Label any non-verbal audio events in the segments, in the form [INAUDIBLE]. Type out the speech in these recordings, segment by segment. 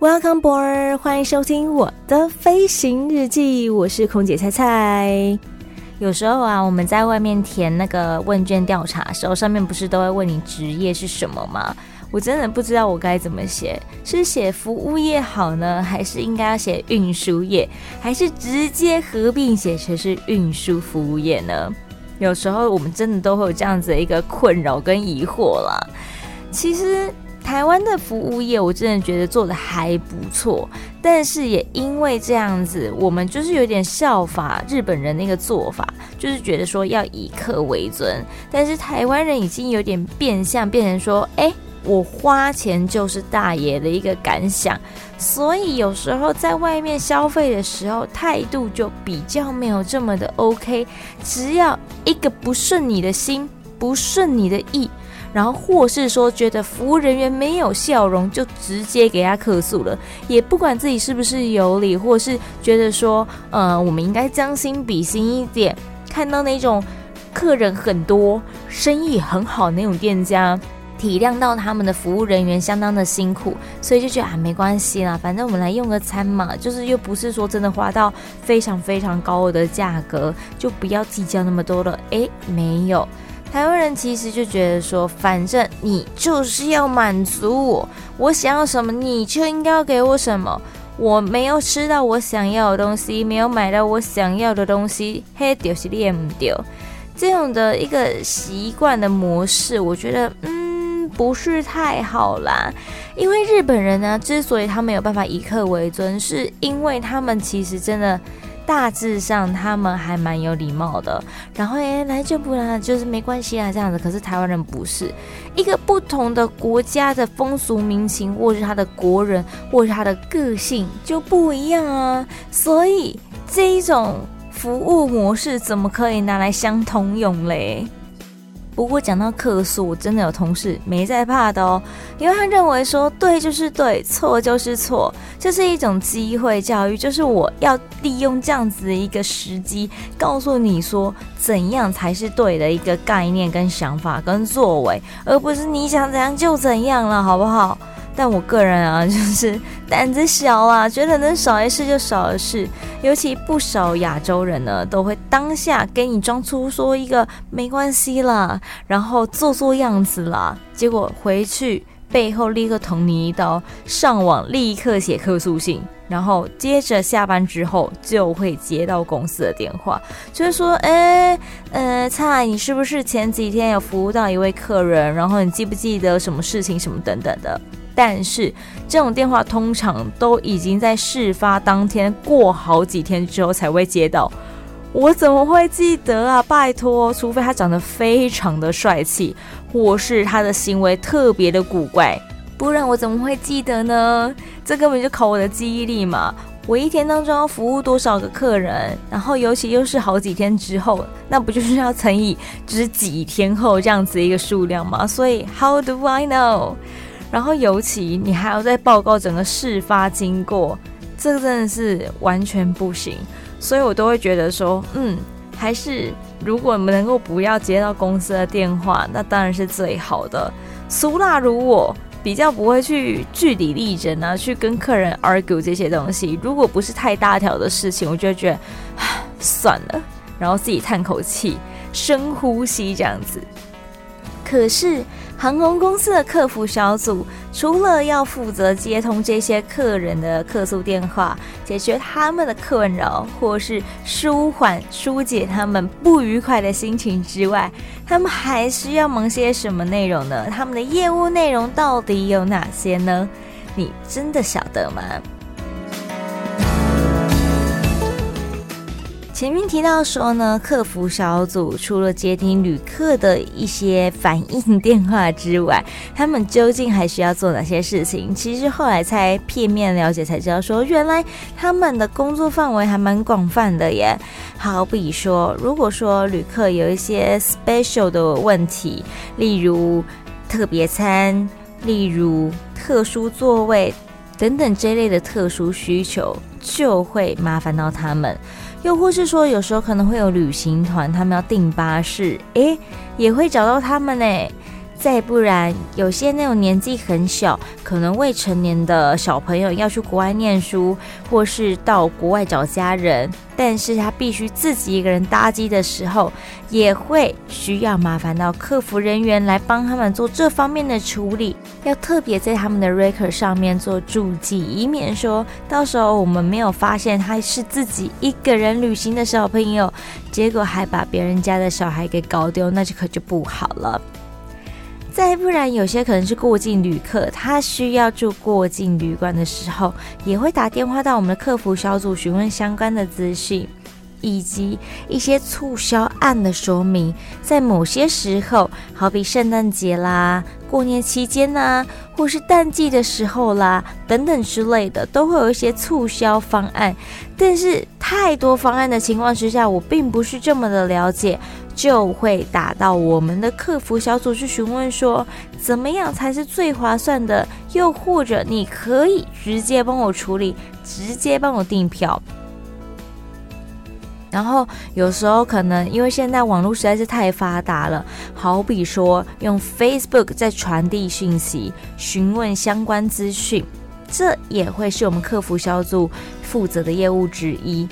Welcome board, 歡迎收聽我的飛行日記。我是空姐菜菜。有時候啊，我們在外面填那個問卷調查的時候，上面不是都會問你職業是什麼嗎？我真的不知道我該怎麼寫，是寫服務業好呢，還是應該要寫運輸業，還是直接合併寫成是運輸服務業呢？有時候我們真的都會有這樣子的一個困擾跟疑惑啦。其實。臺灣的服務業，我真的覺得做得還不錯，但是也因為這樣子，我們就是有點效法日本人那個做法，就是覺得說要以客為尊，但是臺灣人已經有點變相變成說，哎、欸，我花錢就是大爺的一個感想，所以有時候在外面消費的時候，態度就比較沒有這麼的 OK，只要一個不順你的心，不順你的意。然後或是說覺得服務人員沒有笑容，就直接給他客訴了，也不管自己是不是有理，或是覺得說，呃，我們應該將心比心一點，看到那種客人很多、生意很好那種店家，體諒到他們的服務人員相當的辛苦，所以就覺得啊，沒關係啦，反正我們來用個餐嘛，就是又不是說真的花到非常非常高的價格，就不要計較那麼多了。誒，沒有。台灣人其實就覺得說，反正你就是要滿足我，我想要什麼你就應該要給我什麼。我沒有吃到我想要的東西，沒有買到我想要的東西，黑丟是練不丟。這種的一個習慣的模式，我覺得嗯不是太好啦。因為日本人呢、啊，之所以他沒有辦法以客為尊，是因為他們其實真的。大致上，他們還蠻有禮貌的。然後，誒、欸、來就不來，就是沒關係啊，這樣子。可是台灣人不是一個不同的國家的風俗民情，或是他的國人，或是他的個性就不一樣啊。所以這一種服務模式怎麼可以拿來相通用嘞？不過講到客訴，真的有同事沒在怕的哦！因為他認為說，對就是對，錯就是錯，這、就是一種機會教育，就是我要利用這樣子的一個時機，告訴你說怎樣才是對的一個概念跟想法跟作為，而不是你想怎樣就怎樣了，好不好？但我個人啊，就是膽子小啊，覺得能少一事就少一事。尤其不少亞洲人呢，都會當下給你裝出說一個沒關係啦，然後做做樣子啦，結果回去背後立刻捅你一刀。上網立刻寫客訴信，然後接着下班之後就會接到公司的電話，就是說，哎，呃，蔡，你是不是前幾天有服務到一位客人？然後你記不記得什麼事情什麼等等的？但是這種電話通常都已經在事發當天過好幾天之後才會接到，我怎麼會記得啊？拜託，除非他長得非常的帥氣，或是他的行為特別的古怪，不然我怎麼會記得呢？這根本就考我的記憶力嘛！我一天當中要服務多少個客人，然後尤其又是好幾天之後，那不就是要乘以就是幾天後這樣子一個數量嗎？所以，How do I know？然後尤其你還要再報告整個事發經過，這個真的是完全不行。所以我都會覺得說，嗯，還是如果你們能夠不要接到公司的電話，那當然是最好的。俗辣如果比較不會去據理力爭啊，去跟客人 argue 這些東西，如果不是太大條的事情，我就覺得算了，然後自己嘆口氣，深呼吸這樣子。可是，航空公司的客服小組除了要負責接通這些客人的客訴電話，解決他們的困擾，或是舒緩、疏解他們不愉快的心情之外，他們還需要忙些什麼內容呢？他們的業務內容到底有哪些呢？你真的曉得嗎？前面提到說呢，客服小組除了接聽旅客的一些反應電話之外，他們究竟還需要做哪些事情？其實後來才片面了解才知道，說原來他們的工作範圍還蠻廣泛的耶。好比說，如果說旅客有一些 special 的問題，例如特別餐、例如特殊座位等等這類的特殊需求，就會麻煩到他們。又或是說，有時候可能會有旅行團，他們要訂巴士，誒、欸，也會找到他們呢、欸。再不然，有些那種年紀很小，可能未成年的小朋友要去國外念書，或是到國外找家人，但是他必須自己一個人搭機的時候，也會需要麻煩到客服人員來幫他們做這方面的處理，要特別在他們的 record 上面做注記，以免說到時候我們沒有發現他是自己一個人旅行的小朋友，結果還把別人家的小孩給搞丟，那就可就不好了。再不然，有些可能是過境旅客，他需要住過境旅館的時候，也會打電話到我們的客服小組詢問相關的資訊，以及一些促銷案的說明。在某些時候，好比聖誕節啦。過年期間呢、啊，或是淡季的時候啦，等等之類的，都會有一些促銷方案。但是太多方案的情況之下，我並不是這麼的了解，就會打到我們的客服小組去詢問說，怎麼樣才是最划算的？又或者你可以直接幫我處理，直接幫我訂票。然後有時候可能因為現在網絡實在是太發達了，好比說用 Facebook 在傳遞訊息、詢問相關資訊，這也會是我們客服小組負責的業務之一。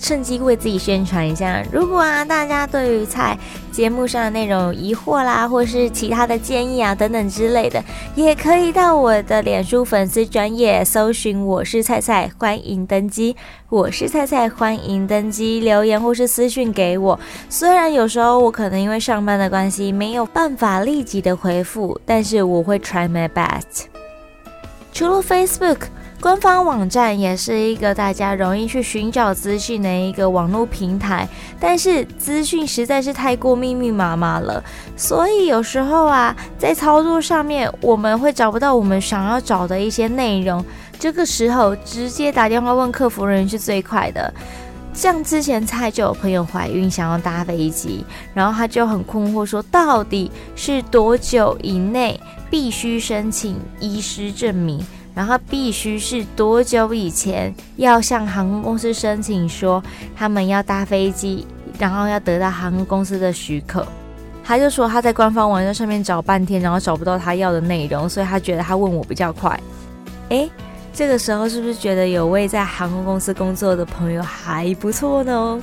趁機為自己宣傳一下。如果啊，大家對於菜節目上的內容有疑惑啦，或是其他的建議啊等等之類的，也可以到我的臉書粉絲專頁搜尋“我是菜菜”，歡迎登機。我是菜菜，歡迎登機，留言或是私訊給我。雖然有時候我可能因為上班的關係沒有辦法立即的回覆，但是我會 try my best。除了 Facebook。官方網站也是一個大家容易去尋找資訊的一個網絡平台，但是資訊實在是太過密密麻麻了，所以有時候啊，在操作上面我們會找不到我們想要找的一些內容。這個時候直接打電話問客服人員是最快的。像之前菜就有朋友懷孕想要搭飛機，然後他就很困惑，說到底是多久以內必須申請醫師證明？然後必須是多久以前，要向航空公司申請，說他們要搭飛機，然後要得到航空公司的許可。他就說他在官方網站上面找半天，然後找不到他要的內容，所以他覺得他問我比較快。欸，這個時候是不是覺得有位在航空公司工作的朋友還不錯呢？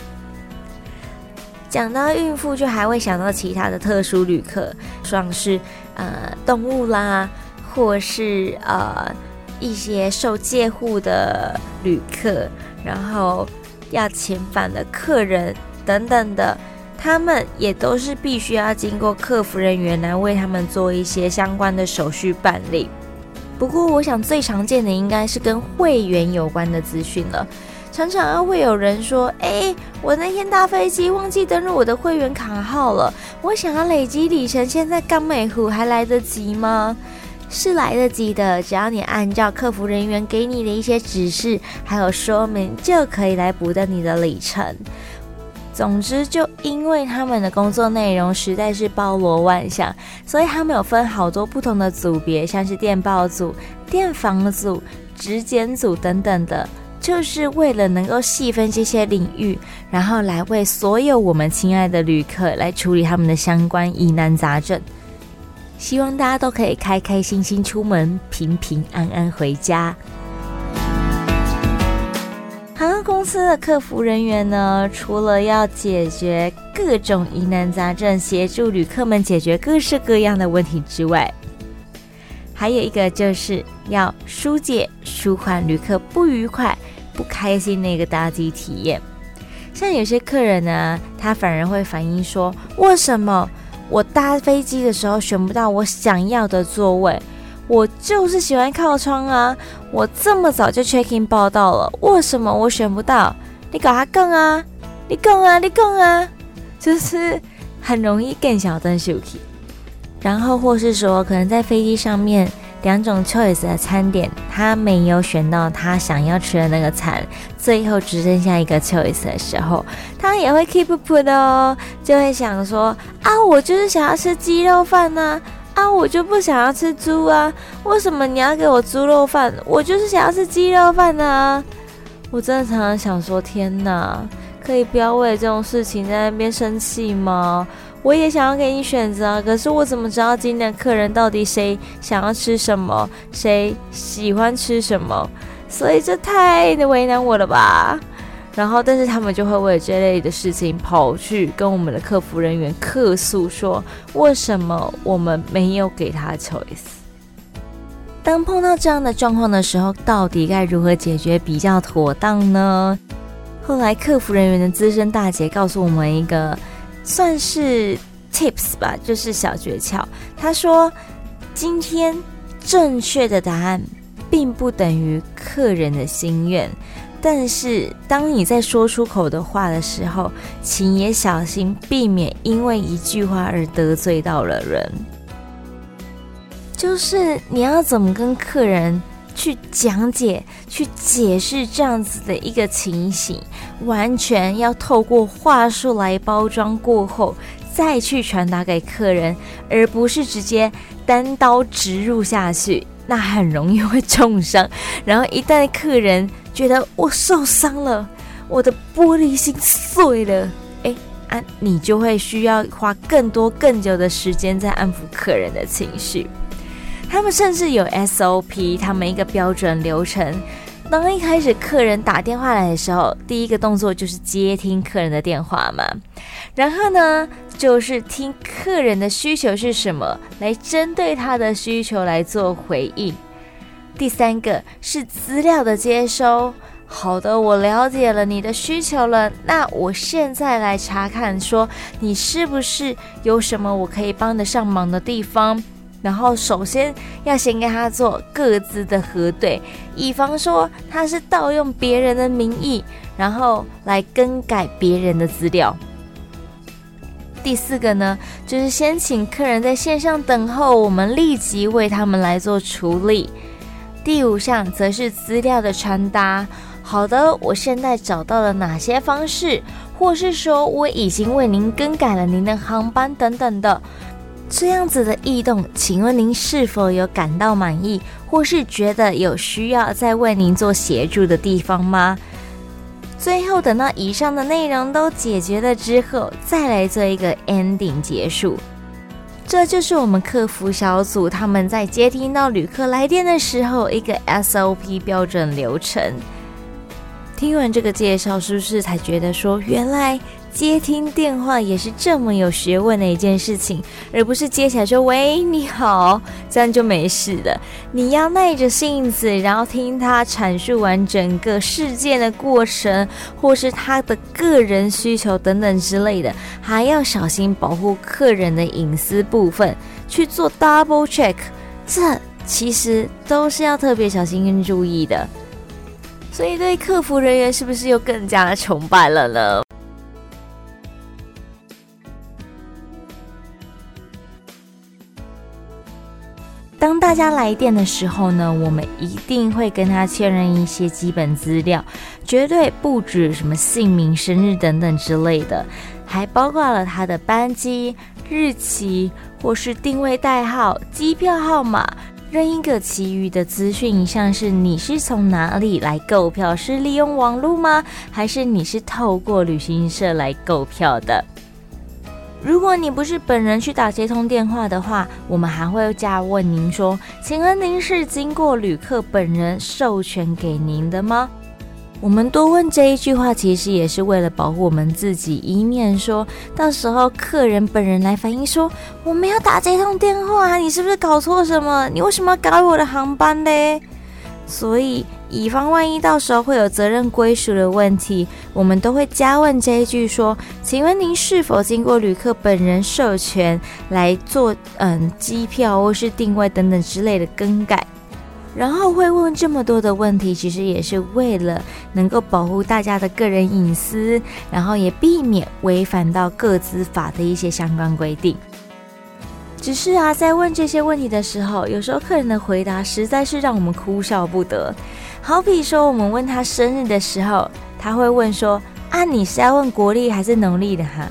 講到孕婦，就還會想到其他的特殊旅客，像是呃動物啦，或是呃。一些受戒護的旅客，然後要遣返的客人等等的，他們也都是必須要經過客服人員來為他們做一些相關的手續辦理。不過，我想最常見的應該是跟會員有關的資訊了，常常會有人說：“哎、欸，我那天搭飛機忘記登入我的會員卡號了，我想要累積里程，現在剛美湖還來得及嗎？”是來得及的，只要你按照客服人員給你的一些指示還有說明，就可以來補登你的里程。總之，就因為他們的工作內容實在是包羅萬象，所以他們有分好多不同的組別，像是電報組、電房組、質檢組等等的，就是為了能夠細分這些領域，然後來為所有我們親愛的旅客來處理他們的相關疑難雜症。希望大家都可以開開心心出門，平平安安回家。航空公司的客服人員呢，除了要解決各種疑難雜症，協助旅客們解決各式各樣的問題之外，還有一個就是要疏解、舒緩旅客不愉快、不開心那個搭機體驗。像有些客人呢，他反而會反映說：“為什麼？”我搭飛機的時候選不到我想要的座位，我就是喜歡靠窗啊！我這麼早就 check in 報到了，為什麼我選不到？你搞他更啊？你更啊？你更啊？就是很容易更小的休息，然後或是說可能在飛機上面。兩種 choice 的餐點，他沒有選到他想要吃的那個餐，最後只剩下一個 choice 的時候，他也會 keep put 的哦，就會想說啊，我就是想要吃雞肉飯吶，啊，我就不想要吃豬啊，為什麼你要給我豬肉飯？我就是想要吃雞肉飯吶。我真的常常想說，天哪，可以不要為這種事情在那邊生氣嗎？我也想要給你選擇，可是我怎麼知道今天的客人到底誰想要吃什麼，誰喜歡吃什麼？所以這太為難我了吧。然後，但是他們就會為這類的事情跑去跟我們的客服人員客訴，說為什麼我們沒有給他 choice。當碰到這樣的狀況的時候，到底該如何解決比較妥當呢？後來，客服人員的資深大姐告訴我們一個。算是 tips 吧，就是小訣竅。他說，今天正確的答案並不等於客人的心願，但是當你在說出口的話的時候，請也小心避免因為一句話而得罪到了人。就是你要怎麼跟客人？去講解、去解釋這樣子的一個情形，完全要透過話術來包裝過後，再去傳達給客人，而不是直接單刀直入下去，那很容易會重傷。然後一旦客人覺得我受傷了，我的玻璃心碎了，哎、欸、啊，你就會需要花更多、更久的時間在安撫客人的情緒。他們甚至有 SOP，他們一個標準流程。當一開始客人打電話來的時候，第一個動作就是接聽客人的電話嘛，然後呢，就是聽客人的需求是什麼，來針對他的需求來做回應。第三個是資料的接收。好的，我了解了你的需求了，那我現在來查看，說你是不是有什麼我可以幫得上忙的地方？然後首先要先跟他做各自的核對，以防說他是盜用別人的名義，然後來更改別人的資料。第四個呢，就是先請客人在線上等候，我們立即為他們來做處理。第五項則是資料的傳達。好的，我現在找到了哪些方式，或是說我已經為您更改了您的航班等等的。這樣子的異動，請問您是否有感到滿意，或是覺得有需要再為您做協助的地方嗎？最後等到以上的內容都解決了之後，再來做一個 ending 結束。這就是我們客服小組他們在接聽到旅客來電的時候一個 SOP 標準流程。聽完這個介紹，是不是才覺得說原來……接聽電話也是這麼有學問的一件事情，而不是接起來說“喂，你好”，這樣就沒事了。你要耐着性子，然後聽他闡述完整個事件的過程，或是他的個人需求等等之類的，還要小心保護客人的隱私部分，去做 double check。這其實都是要特別小心跟注意的。所以，對客服人員是不是又更加的崇拜了呢？當大家來電的時候呢，我們一定會跟他確認一些基本資料，絕對不只什麼姓名、生日等等之類的，還包括了他的班機日期，或是訂位代號、機票號碼，任一個其餘的資訊，像是你是從哪裡來購票，是利用網絡嗎，還是你是透過旅行社來購票的。如果你不是本人去打這通電話的話，我們還會再問您說：“請問您是經過旅客本人授權給您的嗎？”我們多問這一句話，其實也是為了保護我們自己一，以免說到時候客人本人來反映說：“我沒有打這通電話，你是不是搞錯什麼？你為什麼要改我的航班嘞？”所以。以防萬一到時候會有責任歸屬的問題，我們都會加問這一句：說，請問您是否經過旅客本人授權來做嗯機票或是訂位等等之類的更改？然後會問這麼多的問題，其實也是為了能夠保護大家的個人隱私，然後也避免違反到個資法的一些相關規定。只是啊，在問這些問題的時候，有時候客人的回答實在是讓我們哭笑不得。好比說，我們問他生日的時候，他會問說：“啊，你是要問國曆還是農曆的哈？”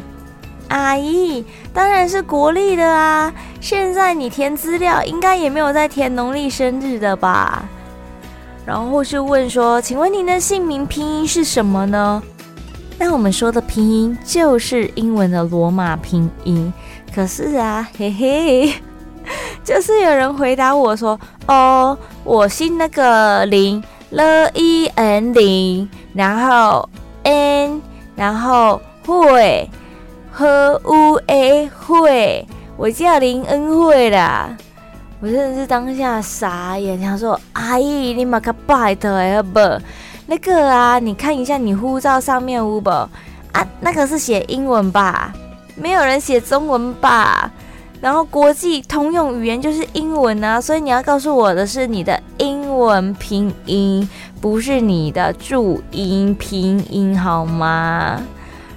阿姨，當然是國曆的啊。現在你填資料，應該也沒有在填農曆生日的吧？然後是問說：“請問您的姓名拼音是什麼呢？”那我們說的拼音就是英文的羅馬拼音，可是啊，嘿嘿，就是有人回答我說：“哦，我姓那個林，l i n 林，然後 n，然後惠，h u a 惠，我叫林恩惠啦。”我真的是當下傻眼，他說：“阿姨，你馬卡拜特誒不？”那個啊，你看一下你護照上面五本啊，那個是寫英文吧？沒有人寫中文吧？然後國際通用語言就是英文啊，所以你要告訴我的是你的英文拼音，不是你的注音拼音好嗎？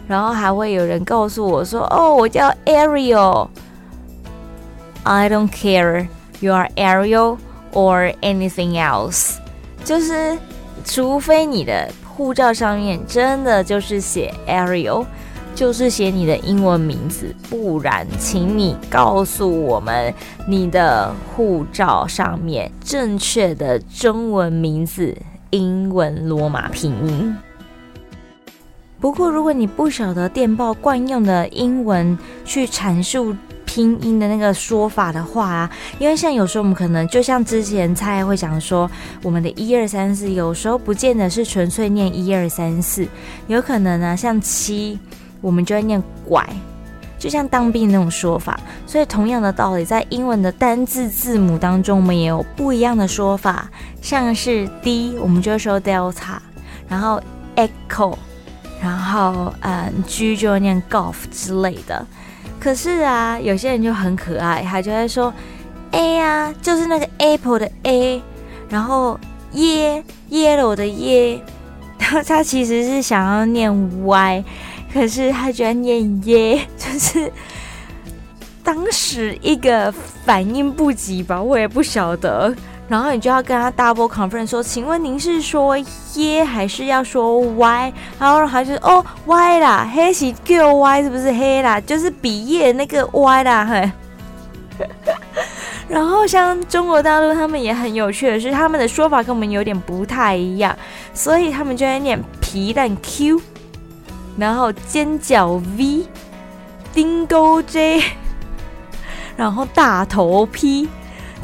然後還會有人告訴我說：“哦，我叫 Ariel，I don't care you are Ariel or anything else。”就是。除非你的護照上面真的就是寫 Ariel，就是寫你的英文名字，不然請你告訴我們你的護照上面正確的中文名字、英文羅馬拼音。不過如果你不曉得電報慣用的英文去闡述。拼音的那個說法的話啊，因為像有時候我們可能就像之前蔡會講說，我們的一二三四有時候不見得是純粹念一二三四，有可能啊，像七我們就會念拐，就像當兵那種說法。所以同樣的道理，在英文的單字字母當中，我們也有不一樣的說法，像是 D 我們就會說 Delta，然後 Echo，然後嗯、呃、G 就會念 Golf 之類的。可是啊，有些人就很可愛，他就會說 “a” 啊，就是那個 apple 的 a，然後 yellow 的耶，然後他其實是想要念 y，可是他居然念耶，就是當時一個反應不及吧，我也不曉得。然後你就要跟他 double confirm 說，請問您是說耶、yeah，還是要說 y？然後他就說哦 y 啦，黑起 q y 是不是黑、hey、啦？就是比耶那個 y 啦，嘿。 [LAUGHS] 然後像中國大陸他們也很有趣的是，他們的說法跟我們有點不太一樣，所以他們就在念皮蛋 q，然後尖角 v，釘鈎 j，然後大頭 p。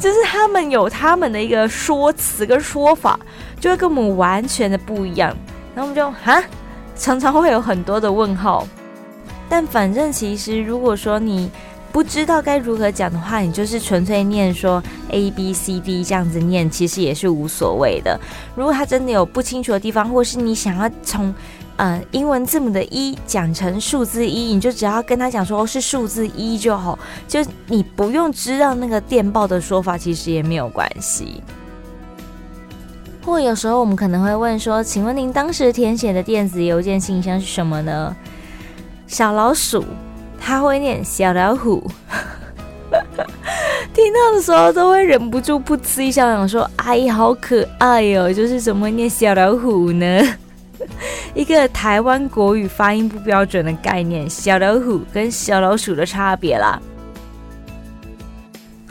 就是他們有他們的一個說辭跟說法，就會跟我們完全的不一樣。然後我們就啊，常常會有很多的問號。但反正其實，如果說你不知道該如何講的話，你就是純粹念說 ABCD 這樣子念，其實也是無所謂的。如果他真的有不清楚的地方，或是你想要從嗯，英文字母的一講成數字一，你就只要跟他講說，哦、是數字一就好，就你不用知道那個電報的說法，其實也沒有關係。或有時候我們可能會問說，請問您當時填寫的電子郵件信箱是什麼呢？小老鼠，他會念小老虎， [LAUGHS] 聽到的時候都會忍不住噗嗤一笑，想說阿姨、哎、好可愛哦，就是怎麼會念小老虎呢？一個台灣國語發音不標準的概念，小老虎跟小老鼠的差別啦。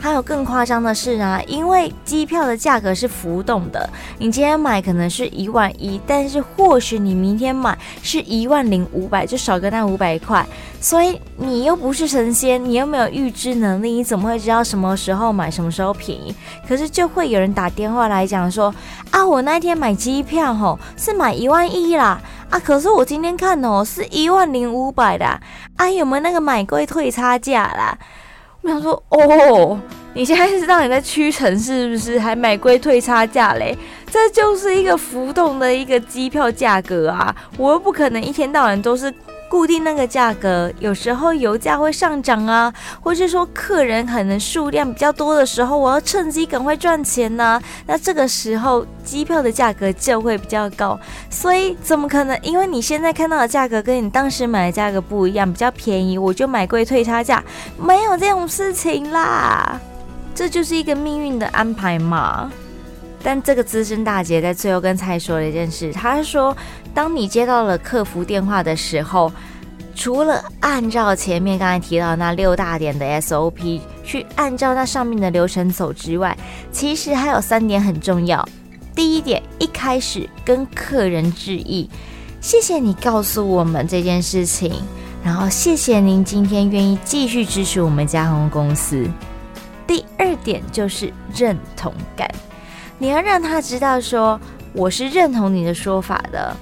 還有更誇張的是啊，因為機票的價格是浮動的，你今天買可能是一萬一，但是或許你明天買是一萬零五百，就少個那五百塊。所以你又不是神仙，你又沒有預知能力，你怎麼會知道什麼時候買什麼時候便宜？可是就會有人打電話來講說啊，我那天買機票吼是買一萬一啦，啊可是我今天看哦是一萬零五百的，啊有沒有那個買貴退差價啦？我想說，哦，你現在是讓你在屈臣氏，是不是？還買貴退差價嘞、欸？這就是一個浮動的一個機票價格啊，我又不可能一天到晚都是。固定那個價格，有時候油價會上漲啊，或是說客人可能數量比較多的時候，我要趁機趕快賺錢呢、啊。那這個時候機票的價格就會比較高，所以怎麼可能？因為你現在看到的價格跟你當時買的價格不一樣，比較便宜，我就買貴退差價，沒有這種事情啦。這就是一個命運的安排嘛。但這個資深大姐在最後跟蔡說了一件事，她是說：“當你接到了客服電話的時候，除了按照前面剛才提到那六大點的 SOP 去按照那上面的流程走之外，其實還有三點很重要。第一點，一開始跟客人致意，謝謝你告訴我們這件事情，然後謝謝您今天願意繼續支持我們家航空公司。第二點就是認同感。”你要讓他知道說，說我是認同你的說法的，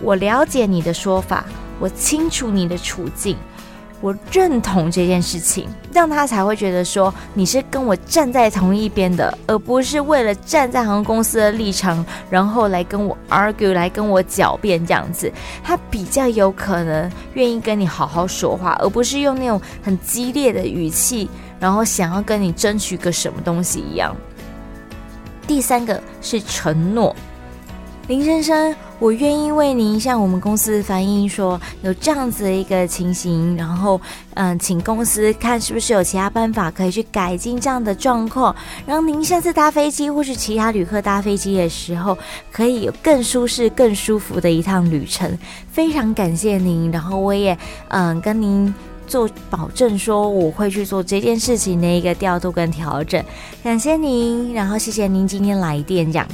我了解你的說法，我清楚你的處境，我認同這件事情，讓他才會覺得說你是跟我站在同一邊的，而不是為了站在航空公司的立場，然後來跟我 argue，來跟我狡辯這樣子，他比較有可能願意跟你好好說話，而不是用那種很激烈的語氣，然後想要跟你爭取個什麼東西一樣。第三個是承諾，林先生，我願意為您向我們公司反映說有這樣子的一個情形，然後嗯、呃，請公司看是不是有其他辦法可以去改進這樣的狀況，讓您下次搭飛機或是其他旅客搭飛機的時候可以有更舒適、更舒服的一趟旅程。非常感謝您，然後我也嗯、呃、跟您。做保證說我會去做這件事情的一個調度跟調整，感謝您，然後謝謝您今天來電。這樣，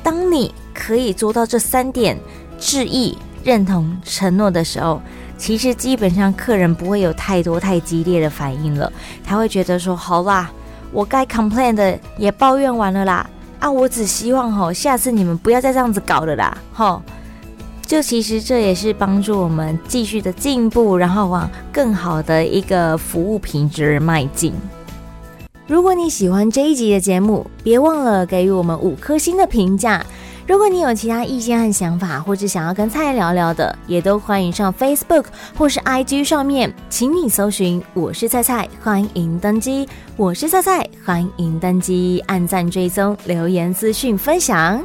當你可以做到這三點：致意、認同、承諾的時候，其實基本上客人不會有太多太激烈的反應了。他會覺得說：“好啦，我該 complain 的也抱怨完了啦，啊，我只希望吼，下次你們不要再這樣子搞了啦，吼就其實這也是幫助我們繼續的進步，然後往更好的一個服務品質邁進。如果你喜歡這一集的節目，別忘了給予我們五顆星的評價。如果你有其他意見和想法，或者想要跟菜菜聊聊的，也都歡迎上 Facebook 或是 IG 上面，請你搜尋“我是菜菜”，歡迎登機。我是菜菜，歡迎登機，按讚追蹤，留言資訊分享。